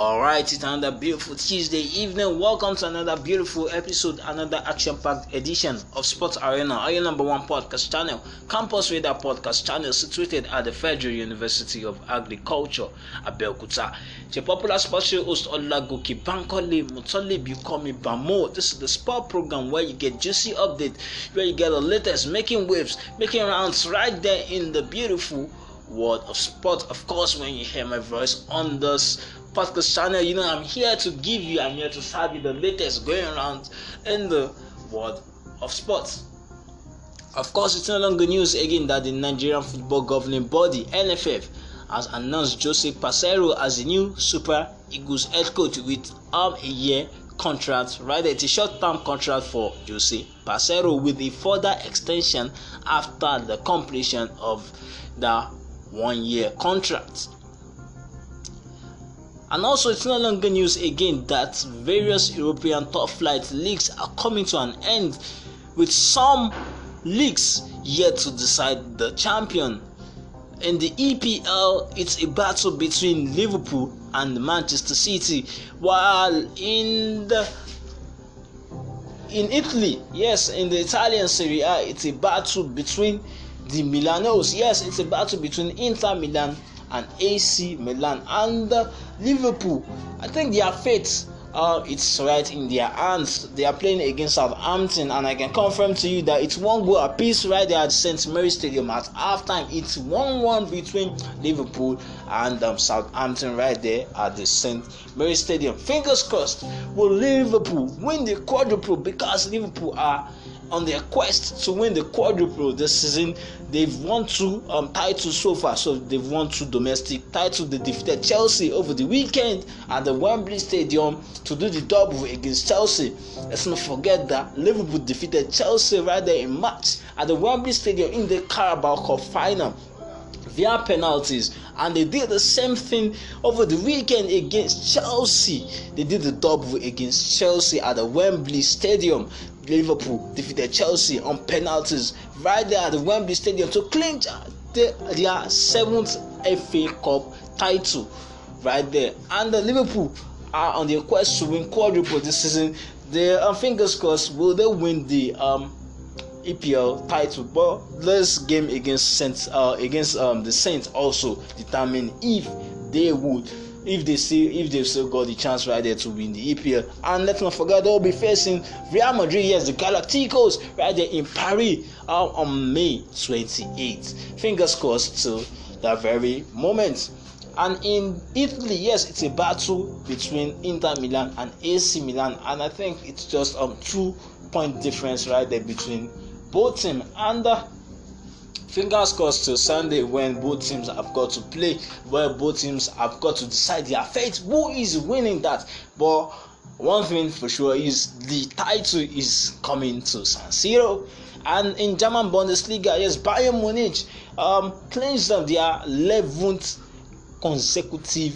All right, it's another beautiful Tuesday evening. Welcome to another beautiful episode, another action packed edition of Sports Arena, our number one podcast channel, Campus Radar podcast channel, situated at the Federal University of Agriculture, Abeokuta. The popular sports show host Olagoki Bankole Mutole Bukomi Bamo. This is the sport program where you get juicy updates, where you get the latest, making waves, making rounds right there in the beautiful world of sport. Of course, when you hear my voice on this podcast channel, you know I'm here to give you, I'm here to serve you the latest going around in the world of sports. Of course, it's no longer news again that the Nigerian football governing body NFF has announced Jose Pacero as the new Super Eagles head coach with um, a year contract, right? It's a short term contract for Jose Pacero with a further extension after the completion of the one year contract. And also, it's no longer news again that various European top flight leagues are coming to an end, with some leagues yet to decide the champion. In the EPL, it's a battle between Liverpool and Manchester City, while in the in Italy, yes, in the Italian Serie A, it's a battle between the Milanos. Yes, it's a battle between Inter Milan and AC Milan and uh, Liverpool. I think their fate. Uh, it's right in their hands. They are playing against Southampton, and I can confirm to you that it's one goal apiece right there at St. Mary's Stadium at halftime. It's 1 1 between Liverpool and um, Southampton right there at the St. Mary's Stadium. Fingers crossed, will Liverpool win the quadruple because Liverpool are on their quest to win the quadruple this season. They've won two um, titles so far. So they've won two domestic titles. They defeated Chelsea over the weekend at the Wembley Stadium to do the double against Chelsea. Let's not forget that Liverpool defeated Chelsea right there in March at the Wembley Stadium in the Carabao Cup final via penalties and they did the same thing over the weekend against Chelsea. They did the double against Chelsea at the Wembley Stadium. Liverpool defeated Chelsea on penalties right there at the Wembley Stadium to clinch their seventh FA Cup title right there. And the Liverpool are on the quest to win quadruple this season. Their um, fingers crossed, will they win the um, EPL title? But this game against Saints, uh, against um, the Saints also determine if they would if they see if they've still got the chance right there to win the EPL. And let's not forget they'll be facing Real Madrid, yes, the Galacticos right there in Paris uh, on May 28th. Fingers crossed to that very moment. And in Italy, yes, it's a battle between Inter Milan and AC Milan, and I think it's just um two point difference right there between both team. And uh, fingers crossed till Sunday when both teams have got to play, where both teams have got to decide their fate. Who is winning that? But one thing for sure is the title is coming to San Siro. And in German Bundesliga, yes, Bayern Munich um, clinched their 11th consecutive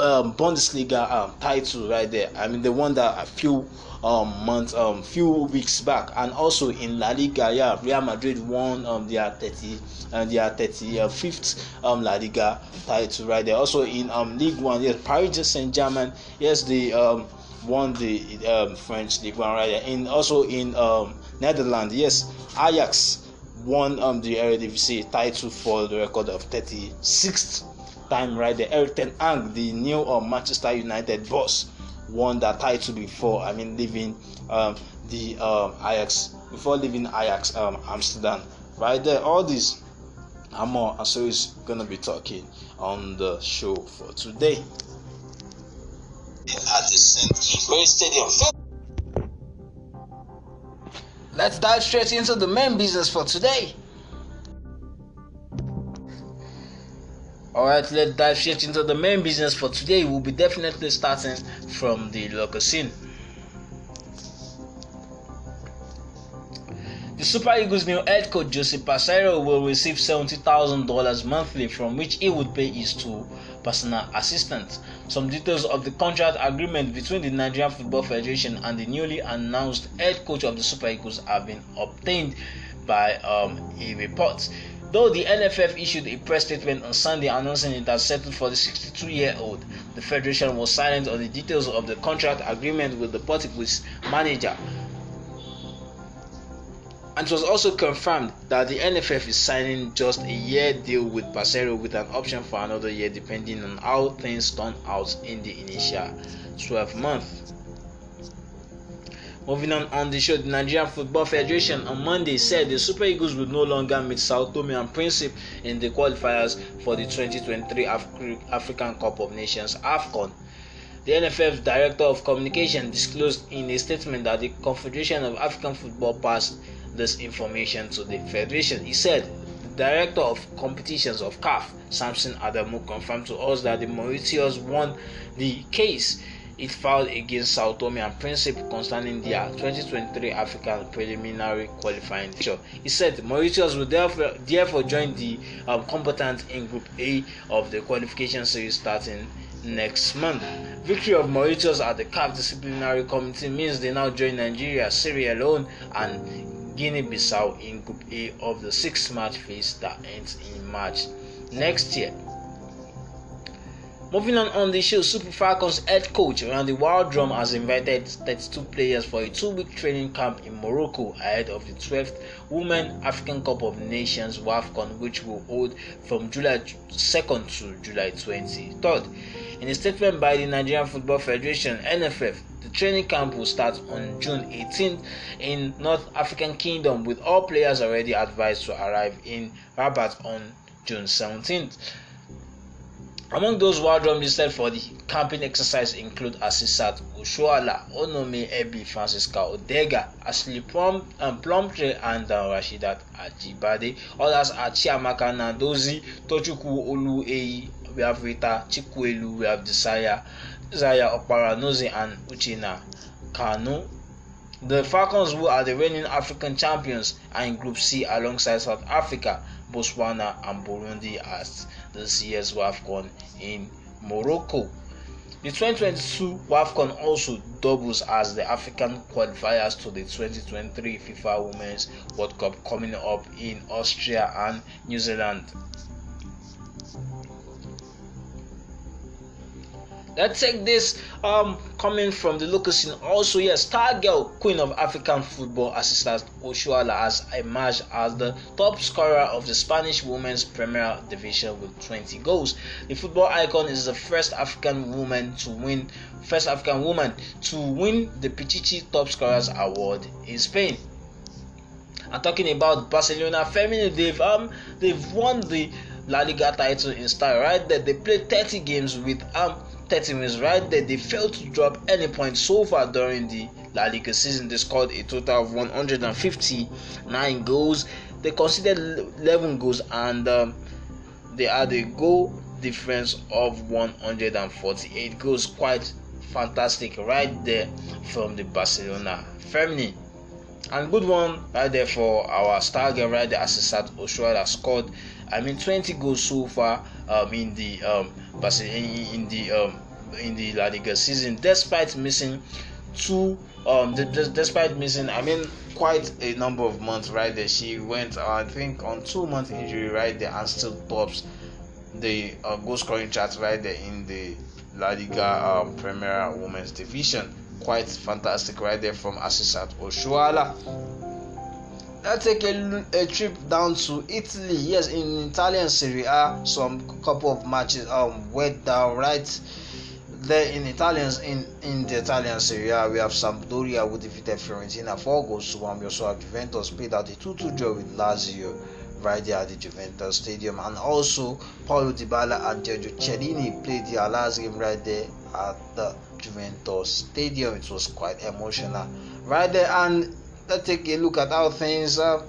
um, Bundesliga um, title right there. I mean, the one that a few um, months, um, few weeks back, and also in La Liga, yeah, Real Madrid won um, their 30 and uh, their 35th uh, um, La Liga title right there. Also in um, League One, yes, Paris Saint Germain, yes, they um, won the um, French League One right there. And also in um, Netherlands, yes, Ajax won um, the Eredivisie title for the record of 36th time right there. Eric Ten Hag, the new uh, Manchester United boss, won that title before. I mean, leaving um, the um, Ajax before leaving Ajax um, Amsterdam. Right there, all this and more. And so he's gonna be talking on the show for today. Let's dive straight into the main business for today. all right let's dive straight into the main business for today we'll be definitely starting from the local scene The Super Eagles' new head coach Jose Passero will receive $70,000 monthly, from which he would pay his two personal assistants. Some details of the contract agreement between the Nigerian Football Federation and the newly announced head coach of the Super Eagles have been obtained by um, a report. Though the NFF issued a press statement on Sunday announcing it had settled for the 62 year old, the Federation was silent on the details of the contract agreement with the Portuguese manager. And it was also confirmed that the NFF is signing just a year deal with Barcelo with an option for another year depending on how things turn out in the initial 12 months. Moving on on the show, the Nigerian Football Federation on Monday said the Super Eagles would no longer meet Sao Tome and Principe in the qualifiers for the 2023 Af- African Cup of Nations AFCON. The NFF's Director of Communication disclosed in a statement that the Confederation of African Football passed this information to the Federation. He said, the director of competitions of CAF, Samson Adamu, confirmed to us that the Mauritius won the case it filed against Sao Tome and Principe concerning their 2023 African preliminary qualifying fixture. It said Mauritius will therefore, therefore join the um, competent in Group A of the qualification series starting next month. Victory of Mauritius at the CAF disciplinary committee means they now join Nigeria, Syria alone, and Guinea-Bissau in Group A of the six-match phase that ends in March next year. Moving on on the show, Super Falcons head coach Randy Waldrum has invited 32 players for a two-week training camp in Morocco ahead of the 12th Women African Cup of Nations WAFCON, which will hold from July 2nd to July 23rd. In a statement by the Nigerian Football Federation (NFF), the training camp will start on June 18th in North African Kingdom, with all players already advised to arrive in Rabat on June 17th. Among those who are drumlisted for the camping exercise include Asisat Oshoala, Onome Ebi, Francisca Odega, Ashley Plum, um, Plumtree, and uh, Rashidat Ajibade. Others are Chiamaka Nandozi, olu Olueyi, we have Rita Chikuelu, we have Desire, Zaya Oparanozi, and Uchina Kanu. The Falcons, who are the reigning African champions, are in Group C alongside South Africa, Botswana, and Burundi as this year's WAFCON in Morocco. The 2022 WAFCON also doubles as the African qualifiers to the 2023 FIFA Women's World Cup coming up in Austria and New Zealand. Let's take this um coming from the local scene. Also, yes, star girl, queen of African football assistant Oshuala has emerged as the top scorer of the Spanish women's Premier Division with 20 goals. The football icon is the first African woman to win first African woman to win the Pichichi Top Scorers Award in Spain. I'm talking about Barcelona Feminine. They've um they've won the La Liga title in style right there. They played 30 games with um 30 minutes right there. They failed to drop any points so far during the La Liga season. They scored a total of 159 goals. They conceded 11 goals and um, they had a goal difference of 148 goals. Quite fantastic right there from the Barcelona family. And good one right there for our star girl right there, Asisat Oshua that scored I mean, 20 goals so far um, in the um, in the um, in the La Liga season, despite missing two um despite missing i mean quite a number of months right there she went uh, i think on two month injury right there and still pops the uh, goal scoring chart right there in the la liga um, premier women's division quite fantastic right there from asisat oshuala let's take a, a, trip down to Italy. Yes, in Italian Serie A, some couple of matches um went down right there in Italians in in the Italian Serie A. We have Sampdoria who defeated Fiorentina four goals to one. We also have Juventus played out a two-two draw with Lazio right there at the Juventus Stadium, and also Paulo Dybala and Giorgio Cellini played their last game right there at the Juventus Stadium. It was quite emotional right there and Let's take a look at how things uh,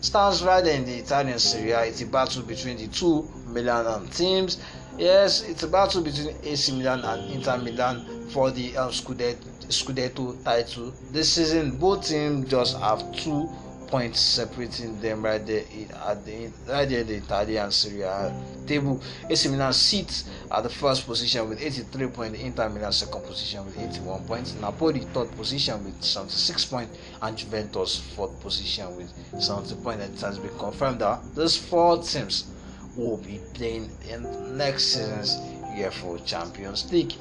stands right in the Italian Serie A. It's a battle between the two Milan teams. Yes, it's a battle between AC Milan and Inter Milan for the um, Scudetto, Scudetto title. This season, both teams just have two points separating them right there in, at the right there the Italian Serie A table. AC Milan sits at the first position with 83 points, Inter Milan second position with 81 points, Napoli third position with 76 points, and Juventus fourth position with 70 points. It has been confirmed that those four teams will be playing in next season's UEFA Champions League.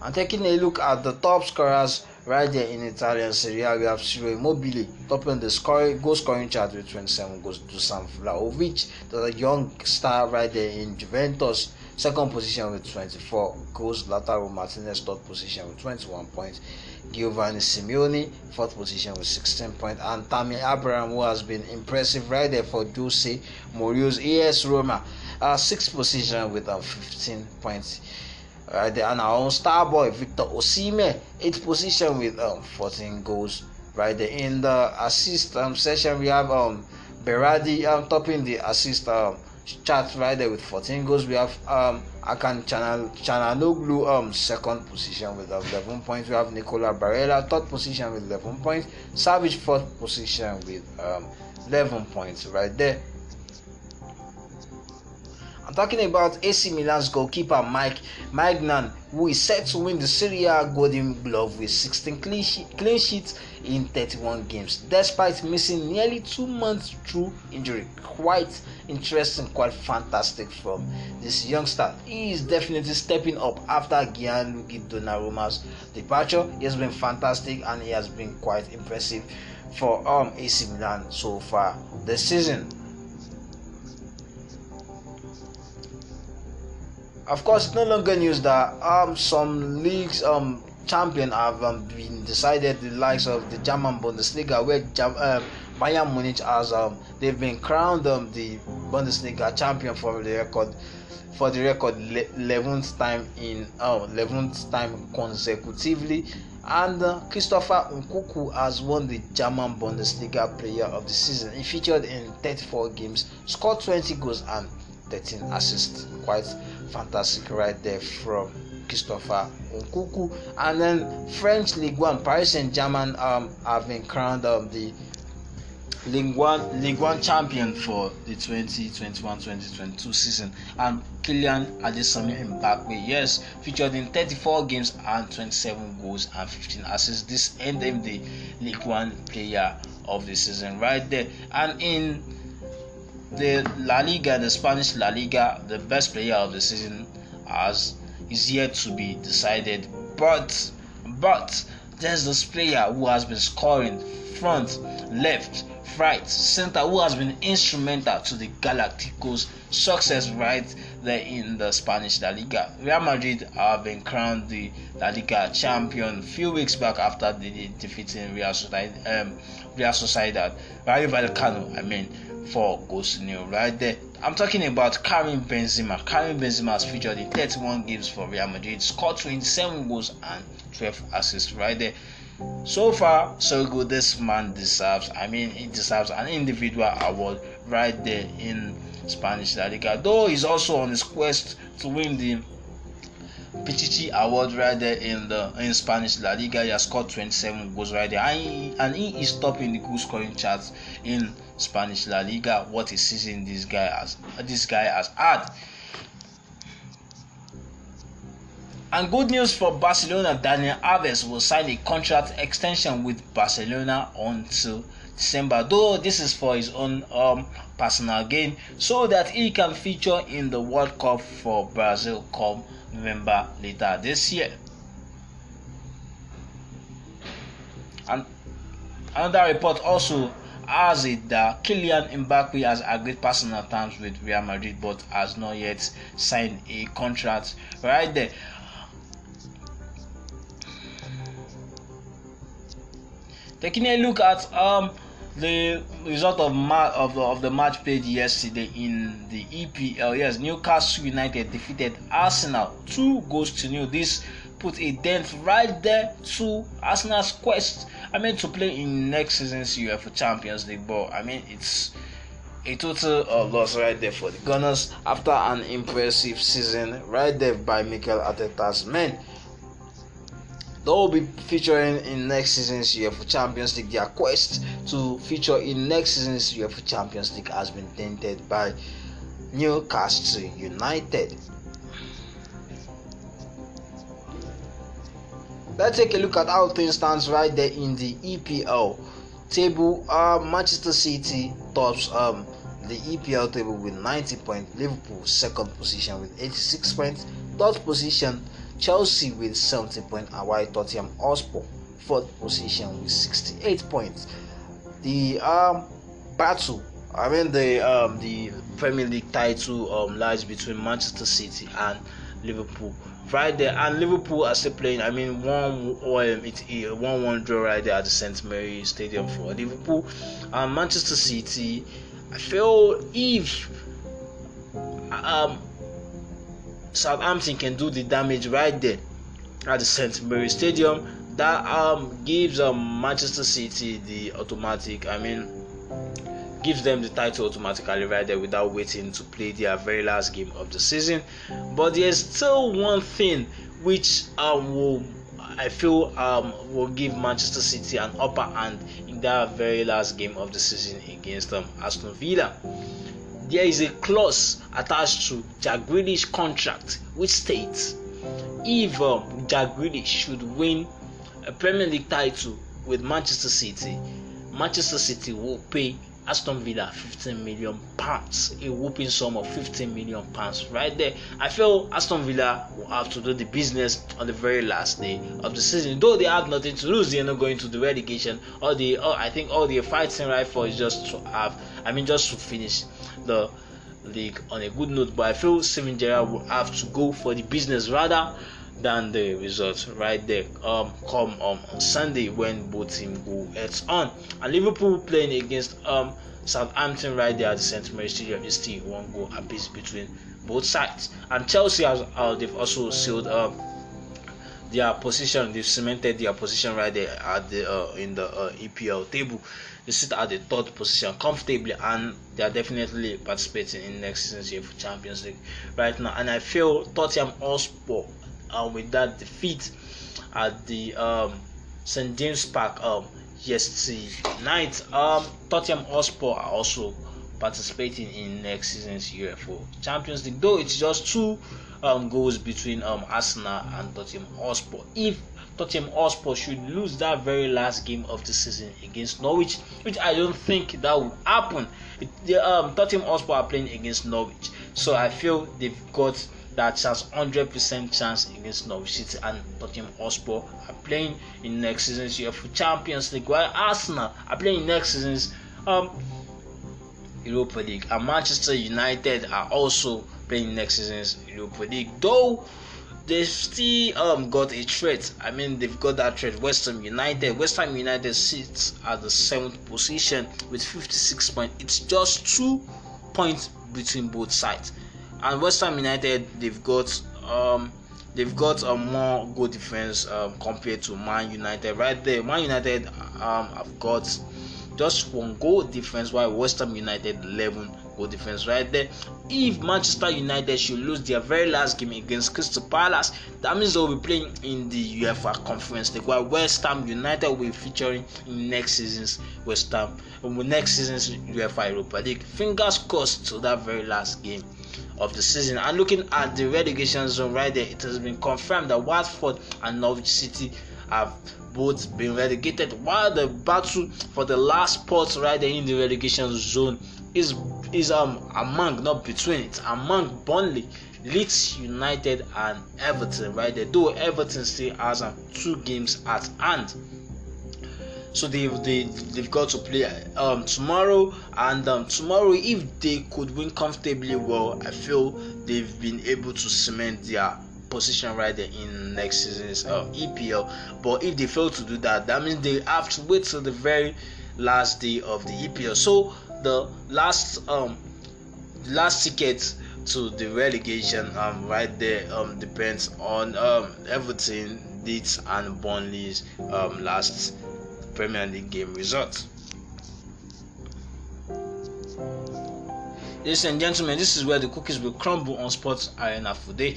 And taking a look at the top scorers right there in Italian Serie A, we have Ciro Immobile topping the score, goal scoring chart with 27 goals to Sam Vlaovic, the young star right there in Juventus. Second position with 24 goals, Lautaro Martinez third position with 21 points, Giovanni Simeone fourth position with 16 points, and Tammy Abraham who has been impressive right there for Jose Mourinho's AS Roma, uh, sixth position with uh, 15 points there, and our own star boy Victor Osime, eighth position with um 14 goals. Right there in the assist um, session, we have um Berardi um topping the assist um chart right there with 14 goals. We have um Akan Chananoglu um second position with um, 11 points. We have Nicola Barella third position with 11 points. Savage fourth position with um 11 points right there. I'm talking about AC Milan's goalkeeper Mike Magnan, who is set to win the Serie A Golden Glove with 16 clean, clean sheets in 31 games, despite missing nearly two months through injury. Quite interesting, quite fantastic from this youngster. He is definitely stepping up after Gianluigi Donnarumma's departure. He has been fantastic and he has been quite impressive for um, AC Milan so far this season. of course, no longer news that um some leagues um champion have um, been decided. The likes of the German Bundesliga, where Jam- um, Bayern Munich has um they've been crowned um, the Bundesliga champion for the record for the record le- 11th time in oh 11th time consecutively and uh, Christopher Nkuku has won the German Bundesliga player of the season. He featured in 34 games, scored 20 goals and 13 assists. Quite Fantastic right there from Christopher Nkuku. And then French Ligue 1, Paris and German um, have been crowned um, the Ligue 1, Ligue 1 champion for the 2021-2022 season and Kylian back Mbappe, yes, featured in 34 games and 27 goals and 15 assists. This ended the Ligue 1 player of the season right there. And in the La Liga, the Spanish La Liga, the best player of the season has is yet to be decided. But but there's this player who has been scoring front, left, right, center, who has been instrumental to the Galacticos' success right there in the Spanish La Liga. Real Madrid have been crowned the La Liga champion a few weeks back after the defeating Real Sociedad, um, Real Sociedad, Rayo Vallecano, I mean for Gosnil right there. I'm talking about Karim Benzema. Karim Benzema has featured in 31 games for Real Madrid, scored 27 goals and 12 assists right there. So far, so good. This man deserves, I mean, he deserves an individual award right there in Spanish La Liga. Though he's also on his quest to win the Pichichi Award right there in the in Spanish La Liga. He has scored 27 goals right there, and he, and he is top in the goal scoring charts in Spanish La Liga. What a season this guy has this guy has had. And good news for Barcelona, Daniel Alves will sign a contract extension with Barcelona until December, though this is for his own um, personal gain, so that he can feature in the World Cup for Brazil come November later this year. And another report also has it that Kylian Mbappe has agreed personal terms with Real Madrid but has not yet signed a contract right there. Taking a look at um, the result of, ma- of, the, of the match played yesterday in the EPL, yes, Newcastle United defeated Arsenal two goals to nil. This put a dent right there to Arsenal's quest I mean, to play in next season's UEFA Champions League but I mean, it's a total uh, loss right there for the Gunners after an impressive season right there by Mikel Arteta's men. They will be featuring in next season's UEFA Champions League. Their quest to feature in next season's UEFA Champions League has been tainted by Newcastle United. Let's take a look at how things stands right there in the EPL table. Uh, Manchester City tops um, the EPL table with 90 points. Liverpool second position with 86 points. Third position Chelsea with 70 points. And while Tottenham Hotspur fourth position with 68 points. The um, battle, I mean the um, the Premier League title um, lies between Manchester City and Liverpool right there. And Liverpool are still playing. I mean, one um, it's a one-one draw right there at the St Mary Stadium for Liverpool and Manchester City. I feel if um, Southampton can do the damage right there at the St Mary Stadium, that um, gives um, Manchester City the automatic. I mean gives them the title automatically right there without waiting to play their very last game of the season. But there's still one thing which um, will I feel um, will give Manchester City an upper hand in their very last game of the season against um, Aston Villa. There is a clause attached to Jack contract which states if um, should win a Premier League title with Manchester City, Manchester City will pay Aston Villa 15 million pounds, a whooping sum of 15 million pounds right there. I feel Aston Villa will have to do the business on the very last day of the season. Though they have nothing to lose, they're not going to the relegation. All the all, I think all they're fighting right for is just to have, I mean, just to finish the league on a good note. But I feel Steven Gerrard will have to go for the business rather than the results right there. Um, come um Sunday when both teams go heads on, and Liverpool playing against um Southampton right there at the St Mary's Stadium is still one goal apiece between both sides. And Chelsea has uh, they've also sealed um their position. They've cemented their position right there at the uh, in the uh, EPL table. They sit at the third position comfortably, and they are definitely participating in next season's for Champions League right now. And I feel Tottenham Hotspur and um, with that defeat at the um, St James Park um, yesterday night. Um, Tottenham Hotspur are also participating in next season's UFO Champions League, though it's just two um, goals between um, Arsenal and Tottenham Hotspur. If Tottenham Hotspur should lose that very last game of the season against Norwich, which I don't think that would happen. It, the, um, Tottenham Hotspur are playing against Norwich, so I feel they've got that has 100% chance against Norwich City and Tottenham Hotspur are playing in next season's UEFA Champions League, while Arsenal are playing in next season's um, Europa League, and Manchester United are also playing next season's Europa League, though they've still um, got a threat. I mean, they've got that threat. West Ham United. West Ham United sits at the seventh position with 56 points. It's just two points between both sides and West Ham United they've got um, they've got a more good defense um, compared to Man United right there. Man United um, have got just one goal difference while West Ham United 11 Good defense right there. If Manchester United should lose their very last game against Crystal Palace, that means they'll be playing in the UEFA Conference League. While West Ham United will be featuring in next season's West Ham, um, next season's UEFA Europa League. Fingers crossed to that very last game of the season. And looking at the relegation zone right there, it has been confirmed that Watford and Norwich City have both been relegated while the battle for the last spot right there in the relegation zone is is um among not between it among Burnley, Leeds United and Everton right there. Though Everton still has um, two games at hand. So they they they've got to play um tomorrow and um tomorrow if they could win comfortably well I feel they've been able to cement their position right there in next season's uh, um, EPL. But if they fail to do that, that means they have to wait till the very last day of the EPL. So the last um last ticket to the relegation um right there um depends on um everything Leeds and Burnley's um last Premier League game result. Ladies and gentlemen, this is where the cookies will crumble on Sports Arena Fude.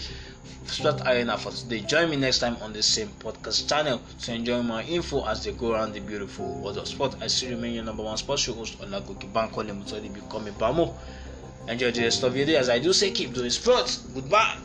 Spot Arena for today. Join me next time on the same podcast channel to enjoy more info as they go around the beautiful world of sport. I still remain your number one sports show host on Agoki Bankole Mutoli Become a Bamo. Enjoy the rest of your day as I do say keep doing sports. Goodbye.